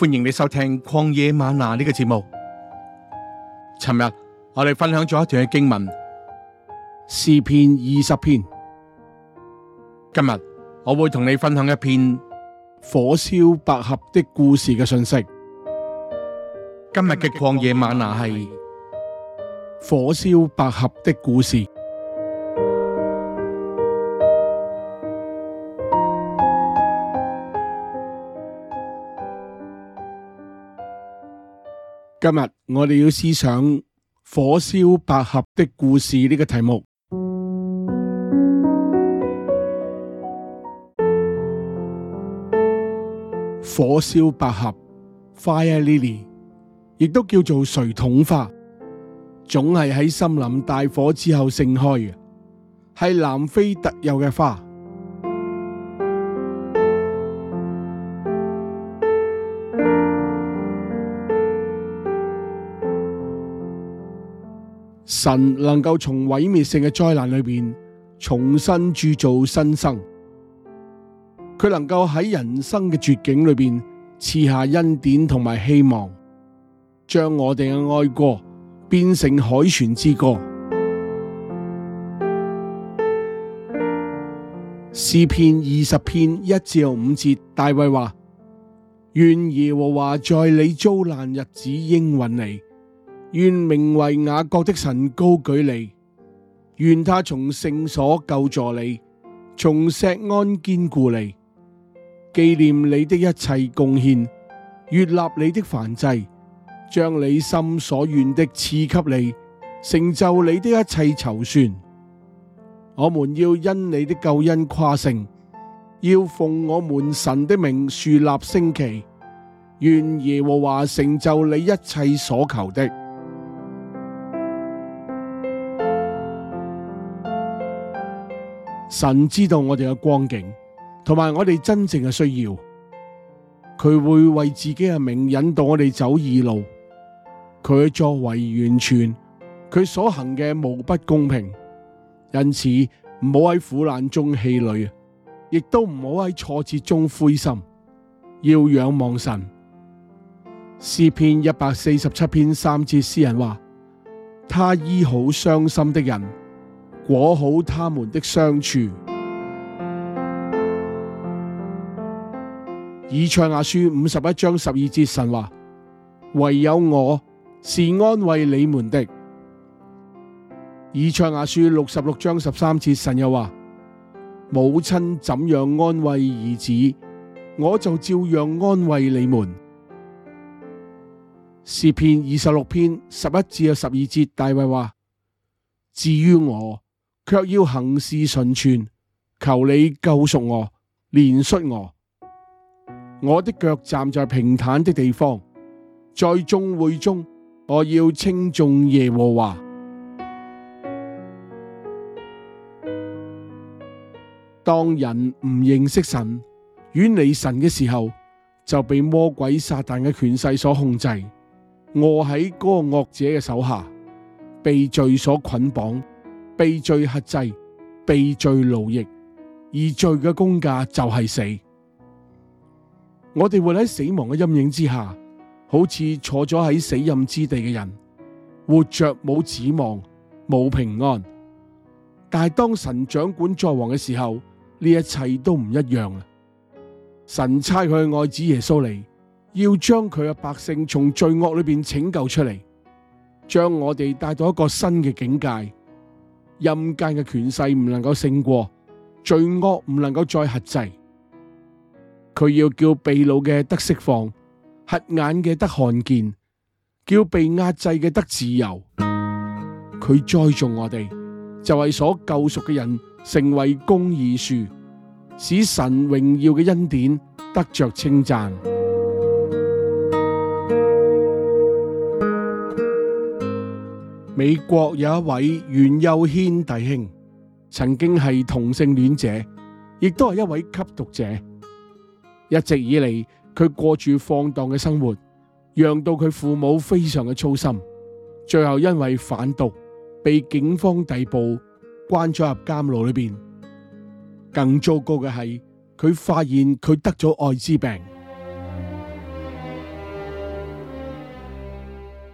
歡迎你收聽曠野嗎哪呢個節目。尋日我哋分享咗一段嘅經文，詩篇二十篇。今日我會同你分享一篇《火燒百合》的故事嘅信息。今日嘅曠野嗎哪係《火燒百合》的故事。今日我哋要思想《火燒百合》的故事呢個題目，《火燒百合》（Fire Lily） 亦都叫做水桶花，總係喺森林大火之後盛開嘅，係南非特有嘅花。神能夠從毀滅性嘅災難裏邊重新鑄造新生，佢能夠喺人生嘅絕境裏邊賜下恩典同埋希望，將我哋嘅哀歌變成海泉之歌。詩篇二十篇一至五節，大衛話：願耶和華在你遭難日子應允你。願名為雅各的神高舉你，願他從聖所救助你，從錫安堅固你，紀念你的一切供獻，悅納你的燔祭，將你心所願的賜給你，成就你的一切籌算。我們要因你的救恩誇勝，要奉我們神的名豎立旌旗。願耶和華成就你一切所求的。神知道我哋嘅光景，同埋我哋真正嘅需要，佢會為自己嘅名引導我哋走義路。佢作為完全，佢所行嘅無不公平。因此，唔好喺苦難中氣餒，亦都唔好喺挫折中灰心。要仰望神。詩篇一百四十七篇三節，詩人話：他醫好傷心的人。裹好他們的傷處。以賽亞書五十一章十二節，神話，唯有我是安慰你們的。以賽亞書六十六章十三節神又話：母親怎樣安慰兒子，我就照樣安慰你們。詩篇二十六篇十一至十二節大衛話：至於我。卻要行事純全，求你救贖我，憐恤我。我的腳站在平坦的地方，在眾會中，我要稱頌耶和華。當人唔認識神、遠離神嘅時候，就被魔鬼撒旦嘅權勢所控制，臥喺嗰個惡者嘅手下，被罪所捆綁。被罪轄制，被罪奴役，而罪嘅工價就係死。我哋活喺死亡嘅陰影之下，好似坐咗喺死蔭之地嘅人，活着冇指望，冇平安。但係當神掌管在王嘅時候，呢一切都唔一樣啦。神差佢嘅愛子耶穌嚟，要將佢嘅百姓從罪惡裏邊拯救出嚟，將我哋帶到一個新嘅境界。陰間嘅權勢唔能夠勝過罪惡，唔能夠再轄制。佢要叫被擄嘅得釋放，瞎眼嘅得看見，叫被壓制嘅得自由。佢栽種我哋，就係、是、所救贖嘅人成為公義樹，使神榮耀嘅恩典得着稱讚。美國有一位袁幼軒弟兄，曾經係同性戀者，亦都係一位吸毒者。一直以嚟，佢過住放蕩嘅生活，讓到佢父母非常嘅操心。最後因為販毒，被警方逮捕，關咗入監牢裏邊。更糟糕嘅係，佢發現佢得咗艾滋病。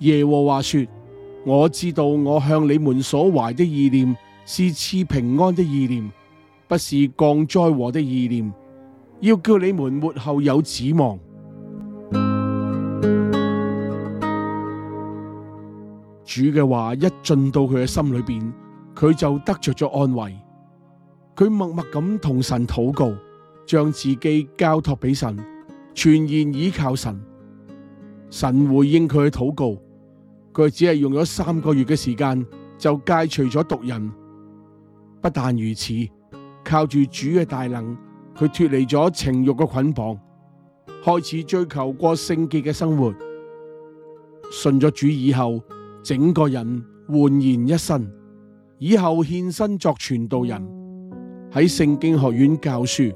耶和華說：我知道我向你們所懷的意念是賜平安的意念，不是降災禍的意念，要叫你們末後有指望。主嘅話一進到佢嘅心裏邊，佢就得着咗安慰。佢默默咁同神禱告，將自己交託俾神，全然依靠神。神回應佢嘅禱告。佢只係用咗三個月嘅時間就戒除咗毒癮，不但如此，靠住主嘅大能，佢脫離咗情欲嘅捆綁，開始追求過聖潔嘅生活。信咗主以後，整個人煥然一新，以後獻身作傳道人，喺聖經學院教書。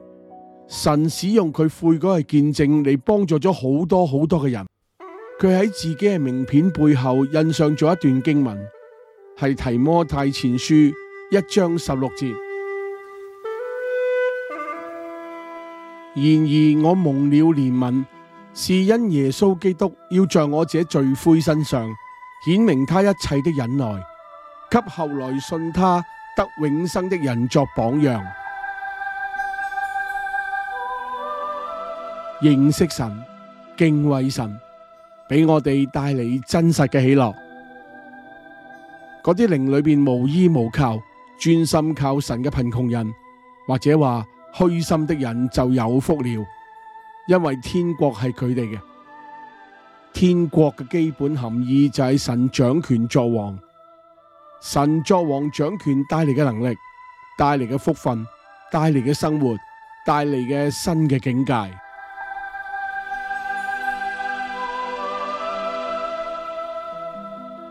神使用佢悔改嘅見證，嚟幫助咗好多好多嘅人。佢喺自己嘅名片背後印上咗一段經文是，係提摩太前書一章十六節。然而我蒙了憐憫，是因耶穌基督要在我這罪魁身上顯明他一切的忍耐，給後來信他得永生的人作榜樣。認識神、敬畏神，俾我哋帶嚟真實嘅喜樂，嗰啲靈裏面無依無靠、專心靠神嘅貧窮人，或者話虛心的人就有福了，因為天國係佢哋嘅。天國嘅基本含義就係神掌權作王，神作王掌權帶嚟嘅能力、帶嚟嘅福分、帶嚟嘅生活、帶嚟嘅新嘅境界。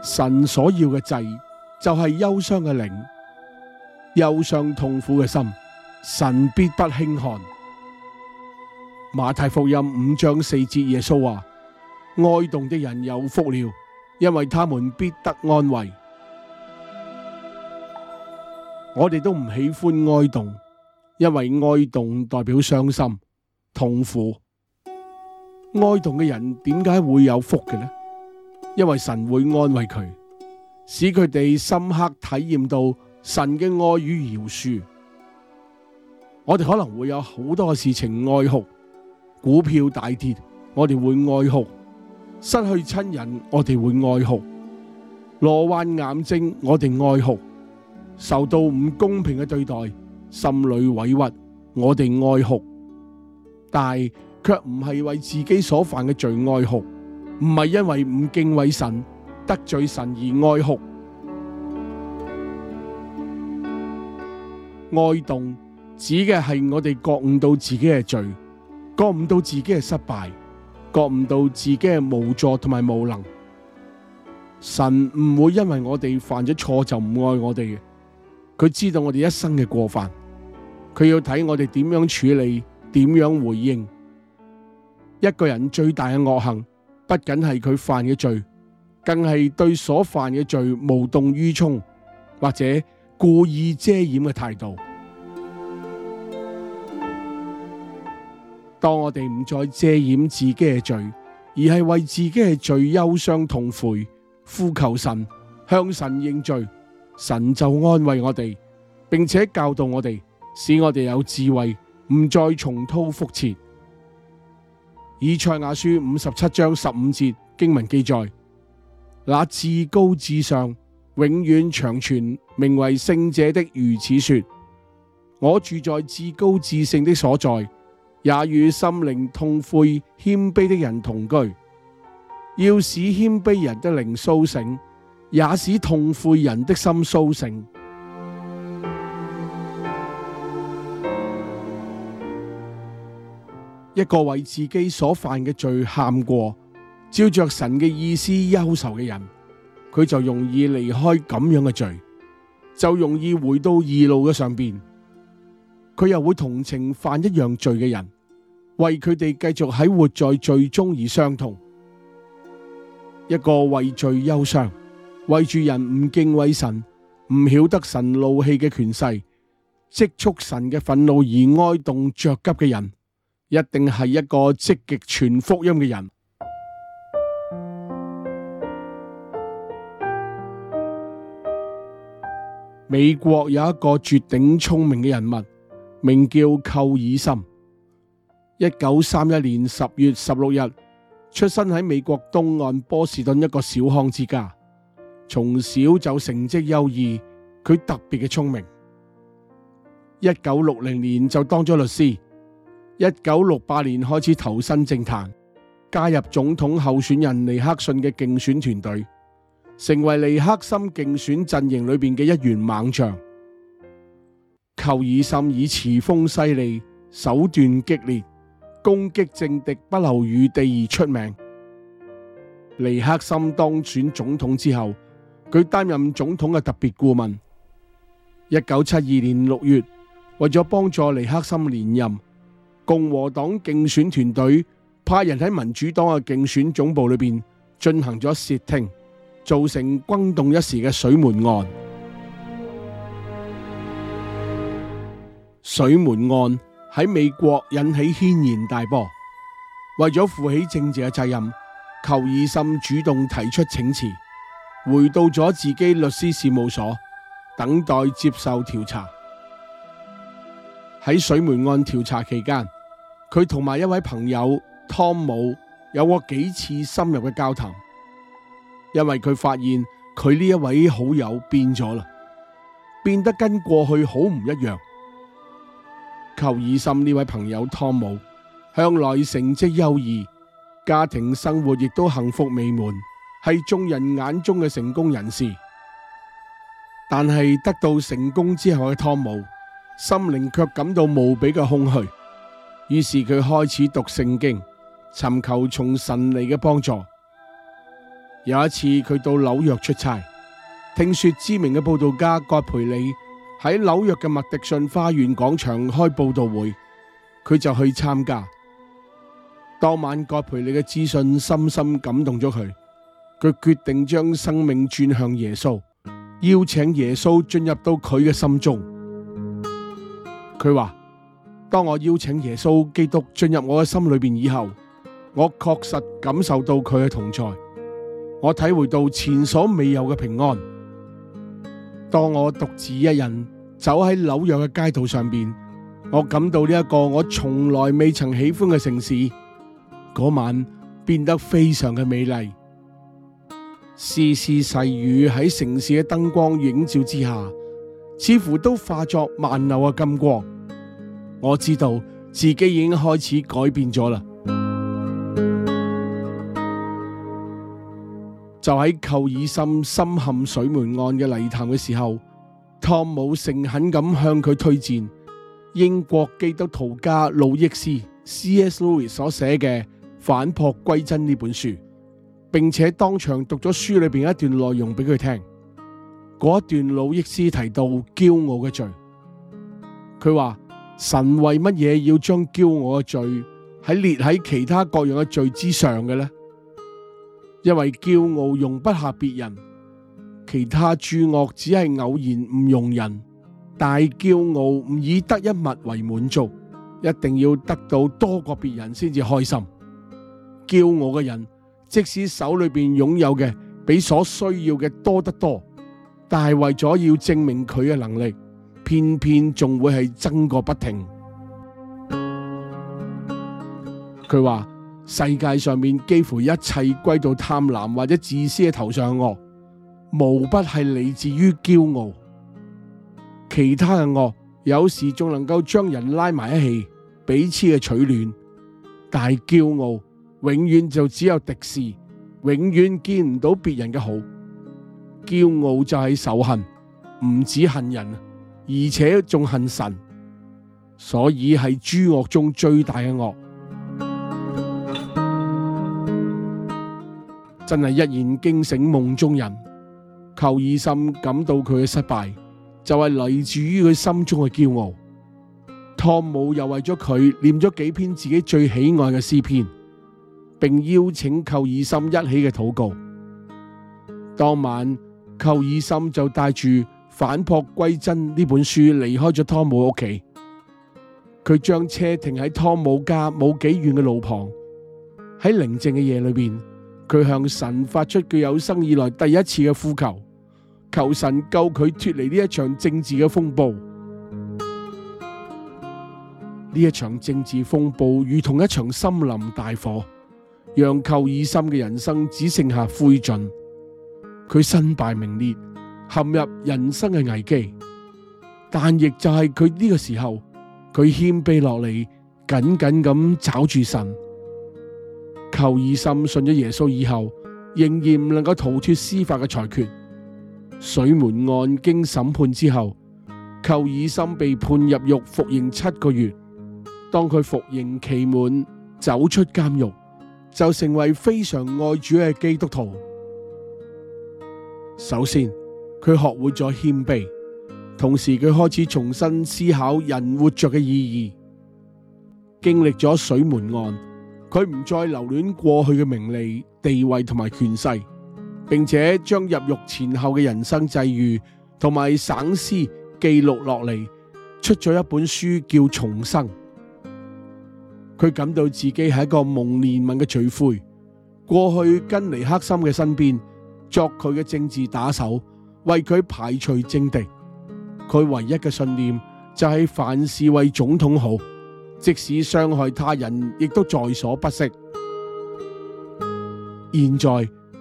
神所要嘅祭就係憂傷嘅靈，憂傷痛苦嘅心，神必不輕看。馬太福音五章四節，耶穌話：哀慟的人有福了，因為他們必得安慰。我哋都唔喜歡哀慟，因為哀慟代表傷心、痛苦。哀慟嘅人點解會有福嘅呢？因為神會安慰佢，使佢哋深刻體驗到神嘅愛與饒恕。我哋可能會有好多事情哀哭，股票大跌，我哋會哀哭；失去親人，我哋會哀哭；罹患癌症，我哋哀哭；受到唔公平嘅對待，心裏委屈，我哋哀哭。但係卻唔係為自己所犯嘅罪哀哭。唔係因為唔敬畏神得罪神而哀哭哀慟，指嘅係我哋覺悟到自己嘅罪，覺悟到自己嘅失敗，覺悟到自己嘅無助同埋無能。神唔會因為我哋犯咗錯就唔愛我哋嘅，佢知道我哋一生嘅過犯，佢要睇我哋點樣處理，點樣回應。一個人最大嘅惡行。不僅係佢犯嘅罪，更係對所犯嘅罪無動於衷或者故意遮掩嘅態度。當我哋唔再遮掩自己嘅罪，而係為自己嘅罪憂傷痛悔，呼求神向神認罪，神就安慰我哋，並且教導我哋，使我哋有智慧，唔再重蹈覆轍。以賽亞書五十七章十五節經文記載：那至高至上、永遠長存、名為聖者的如此說：我住在至高至聖的所在，也與心靈痛悔、謙卑的人同居，要使謙卑人的靈甦醒，也使痛悔人的心甦醒。一個為自己所犯嘅罪喊過，照着神嘅意思憂愁嘅人，佢就容易離開咁樣嘅罪，就容易回到義路嘅上邊。佢又會同情犯一樣罪嘅人，為佢哋繼續喺活在罪中而傷痛。一個為罪憂傷，為住人唔敬畏神、唔曉得神怒氣嘅權勢，積蓄神嘅憤怒而哀慟着急嘅人。一定係一個積極傳福音嘅人。美國有一個絕頂聰明嘅人物，名叫寇爾森。一九三一年十月十六日，出生喺美國東岸波士頓一個小康之家。從小就成績優異，佢特別嘅聰明。一九六零年就當咗律師。一九六八年開始投身政壇，加入總統候選人尼克遜嘅競選團隊，成為尼克森競選陣營裏邊嘅一員猛將。寇爾森以詞鋒犀利、手段激烈、攻擊政敵不留餘地而出名。尼克森當選總統之後，佢擔任總統嘅特別顧問。一九七二年六月，為咗幫助尼克森連任。共和黨競選團隊派人喺民主黨嘅競選總部裏邊進行咗竊聽，造成轟動一時嘅水門案。水門案喺美國引起軒然大波，為咗負起政治嘅責任，寇爾森主動提出請辭，回到咗自己律師事務所，等待接受調查。喺水門案調查期間，佢同埋一位朋友湯姆有過幾次深入嘅交談，因為佢發現佢呢一位好友變咗啦，變得跟過去好唔一樣。求爾心呢位朋友湯姆，向來成績優異，家庭生活亦都幸福美滿，係眾人眼中嘅成功人士。但係得到成功之後嘅湯姆，心靈卻感到無比嘅空虛。於是佢開始讀聖經，尋求從神嚟嘅幫助。有一次佢到紐約出差，聽說知名嘅布道家葛培理喺紐約嘅麥迪遜花園廣場開布道會，佢就去參加。當晚葛培理嘅資訊深深感動咗佢，佢決定將生命轉向耶穌，邀請耶穌進入到佢嘅心中。佢話。當我邀請耶穌基督進入我嘅心裏邊以後，我確實感受到佢嘅同在，我體會到前所未有嘅平安。當我獨自一人走喺紐約嘅街道上邊，我感到呢一個我從來未曾喜歡嘅城市，嗰晚變得非常嘅美麗。絲絲細雨喺城市嘅燈光映照之下，似乎都化作萬流嘅金光。我知道自己已經開始改變咗啦。就喺寇爾森深陷水門案嘅泥潭嘅時候，湯姆誠懇咁向佢推薦英國基督徒家魯益斯 （C.S. Lewis） 所寫嘅《反璞歸真》呢本書，並且當場讀咗書裏邊一段內容俾佢聽。嗰段魯益斯提到驕傲嘅罪，佢話。神為乜嘢要將驕傲嘅罪喺列喺其他各樣嘅罪之上嘅咧？因為驕傲容不下別人，其他諸惡只係偶然唔容人，但係驕傲唔以得一物為滿足，一定要得到多過別人先至開心。驕傲嘅人，即使手裏邊擁有嘅比所需要嘅多得多，但係為咗要證明佢嘅能力。偏偏仲會係爭個不停。佢話世界上面幾乎一切歸到貪婪或者自私嘅頭上惡，無不係嚟自於驕傲。其他嘅惡有時仲能夠將人拉埋一氣，彼此嘅取暖，但係驕傲永遠就只有敵視，永遠見唔到別人嘅好。驕傲就係仇恨，唔止恨人，而且仲恨神，所以係諸惡中最大嘅惡，真係一言驚醒夢中人。寇爾森感到佢嘅失敗就係嚟自於佢心中嘅驕傲。湯姆又為咗佢念咗幾篇自己最喜愛嘅詩篇，並邀請寇爾森一起嘅禱告。當晚，寇爾森就帶住。反璞歸真呢本書離開咗湯姆屋企，佢將車停喺湯姆家冇幾遠嘅路旁。喺寧靜嘅夜裏邊，佢向神發出佢有生以來第一次嘅呼求，求，求神救佢脫離呢一場政治嘅風暴。呢一場政治風暴如同一場森林大火，讓寇爾森嘅人生只剩下灰燼。佢身敗名裂。陷入人生嘅危機，但亦就係佢呢個時候，佢謙卑落嚟，緊緊咁抓住神。寇爾森信咗耶穌以後，仍然唔能夠逃脫司法嘅裁決。水門案經審判之後，寇爾森被判入獄服刑七個月。當佢服刑期滿走出監獄，就成為非常愛主嘅基督徒。首先。佢學會咗謙卑，同時佢開始重新思考人活着嘅意義。經歷咗水門案，佢唔再留戀過去嘅名利、地位同埋權勢，並且將入獄前後嘅人生際遇同埋省思記錄落嚟，出咗一本書叫《重生》。佢感到自己係一個夢連文嘅罪魁，過去跟尼克森嘅身邊作佢嘅政治打手。為佢排除政敵，佢唯一嘅信念就係凡事為總統好，即使傷害他人亦都在所不惜。現在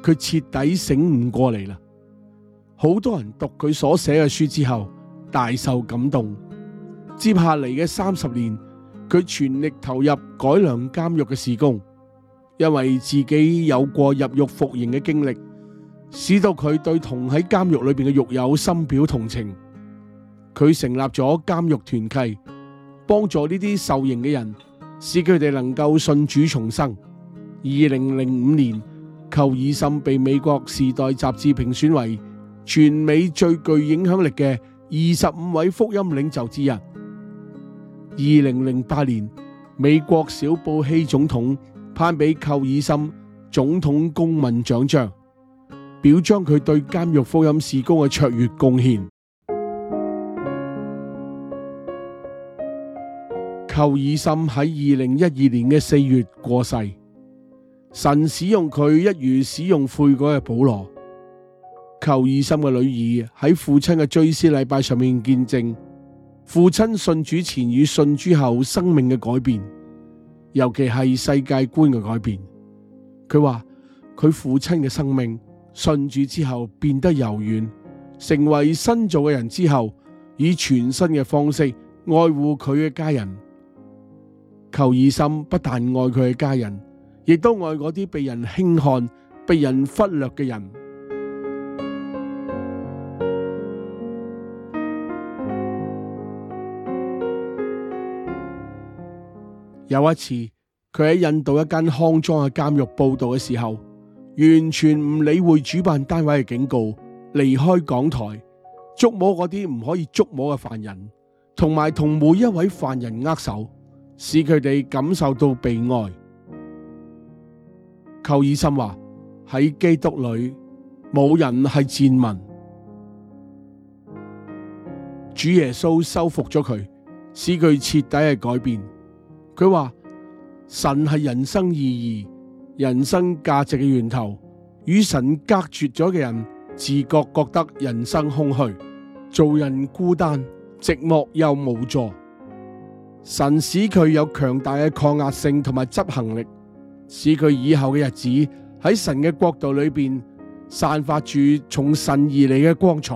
佢徹底醒悟過嚟啦。好多人讀佢所寫嘅書之後，大受感動。接下嚟嘅三十年，佢全力投入改良監獄嘅事工，因為自己有過入獄服刑嘅經歷。使到佢對同喺監獄裏邊嘅獄友深表同情，佢成立咗監獄團契，幫助呢啲受刑嘅人，使佢哋能夠信主重生。二零零五年，寇爾森被美國《時代》雜誌評選為全美最具影響力嘅二十五位福音領袖之一。二零零八年，美國小布希總統頒俾寇爾森總統公民獎章。表彰佢對監獄福音事工嘅卓越貢獻。寇爾森喺二零一二年嘅四月過世，神使用佢一如使用悔改嘅保羅。寇爾森嘅女兒喺父親嘅追思禮拜上面見證，父親信主前與信主後生命嘅改變，尤其係世界觀嘅改變。佢話，佢父親嘅生命。信主之後變得柔軟，成為新造嘅人之後，以全新嘅方式愛護佢嘅家人。求以琛不但愛佢嘅家人，亦都愛嗰啲被人輕看、被人忽略嘅人。有一次，佢喺印度一間骯髒嘅監獄報道嘅時候。完全唔理會主辦單位嘅警告，離開港台，捉摸嗰啲唔可以捉摸嘅犯人，同埋同每一位犯人握手，使佢哋感受到被愛。寇爾森話喺基督裏冇人係賤民，主耶穌收復咗佢，使佢徹底嘅改變。佢話神係人生意義。人生價值嘅源頭，與神隔絕咗嘅人，自覺覺得人生空虛，做人孤單、寂寞又無助。神使佢有強大嘅抗壓性同埋執行力，使佢以後嘅日子喺神嘅國度裏邊，散發住從神而來嘅光彩。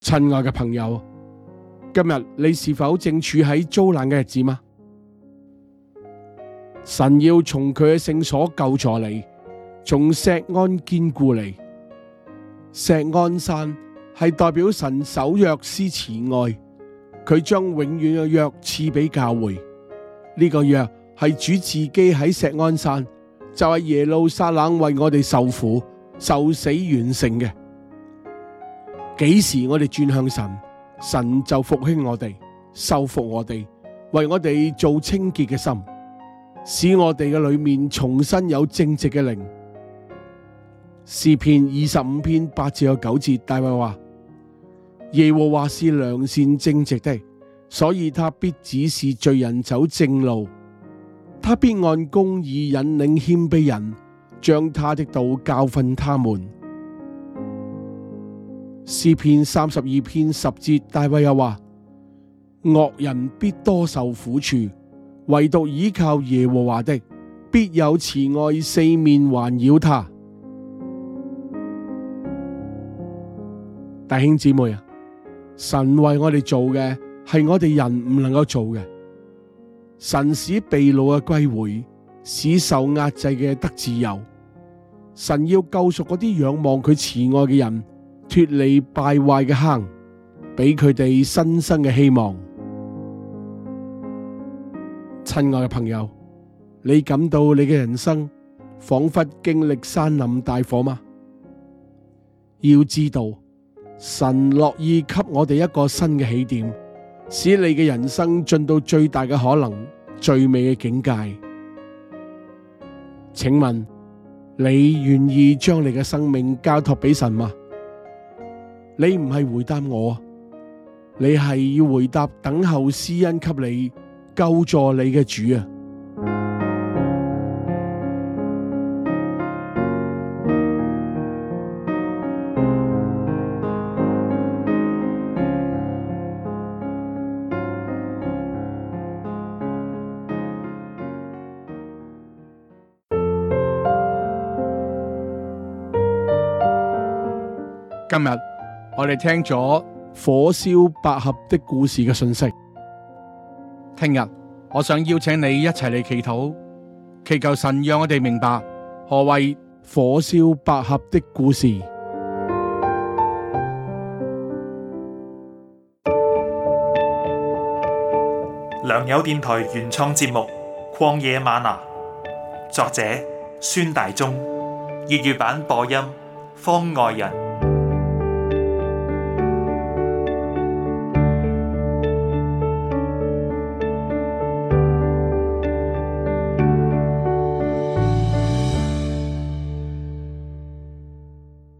親愛嘅朋友。今日你是否正處喺遭難嘅日子嗎？神要從佢嘅聖所救助你，從錫安堅固你。錫安山係代表神守約施慈愛，佢將永遠嘅約賜俾教會。呢、這個約係主自己喺錫安山，就係、是、耶路撒冷為我哋受苦受死完成嘅。幾時我哋轉向神？神就復興我哋，修復我哋，為我哋做清潔嘅心，使我哋嘅裏面重新有正直嘅靈。詩篇二十五篇八至九節，大衛話：耶和華是良善正直的，所以他必指示罪人走正路，他必按公義引領謙卑人，將他的道教訓他們。詩篇三十二篇十節，大衛又話：惡人必多受苦楚，唯獨倚靠耶和華的，必有慈愛四面環繞他。弟兄姊妹啊，神為我哋做嘅係我哋人唔能夠做嘅，神使被擄嘅歸回，使受壓制嘅得自由，神要救贖嗰啲仰望佢慈愛嘅人。脫離敗壞嘅坑，俾佢哋新生嘅希望。親愛嘅朋友，你感到你嘅人生仿佛經歷山林大火嗎？要知道，神樂意給我哋一個新嘅起點，使你嘅人生進到最大嘅可能，最美嘅境界。請問，你願意將你嘅生命交託俾神嗎？你唔係回答我，你係要回答等候施恩給你救助你嘅主啊！今日。我哋聽咗《火燒百合》的故事嘅信息，聽日我想邀請你一齊嚟祈禱，祈求神讓我哋明白何謂《火燒百合》的故事。良友電台原創節目《曠野嗎哪》，作者孫大中，粵語版播音方外人。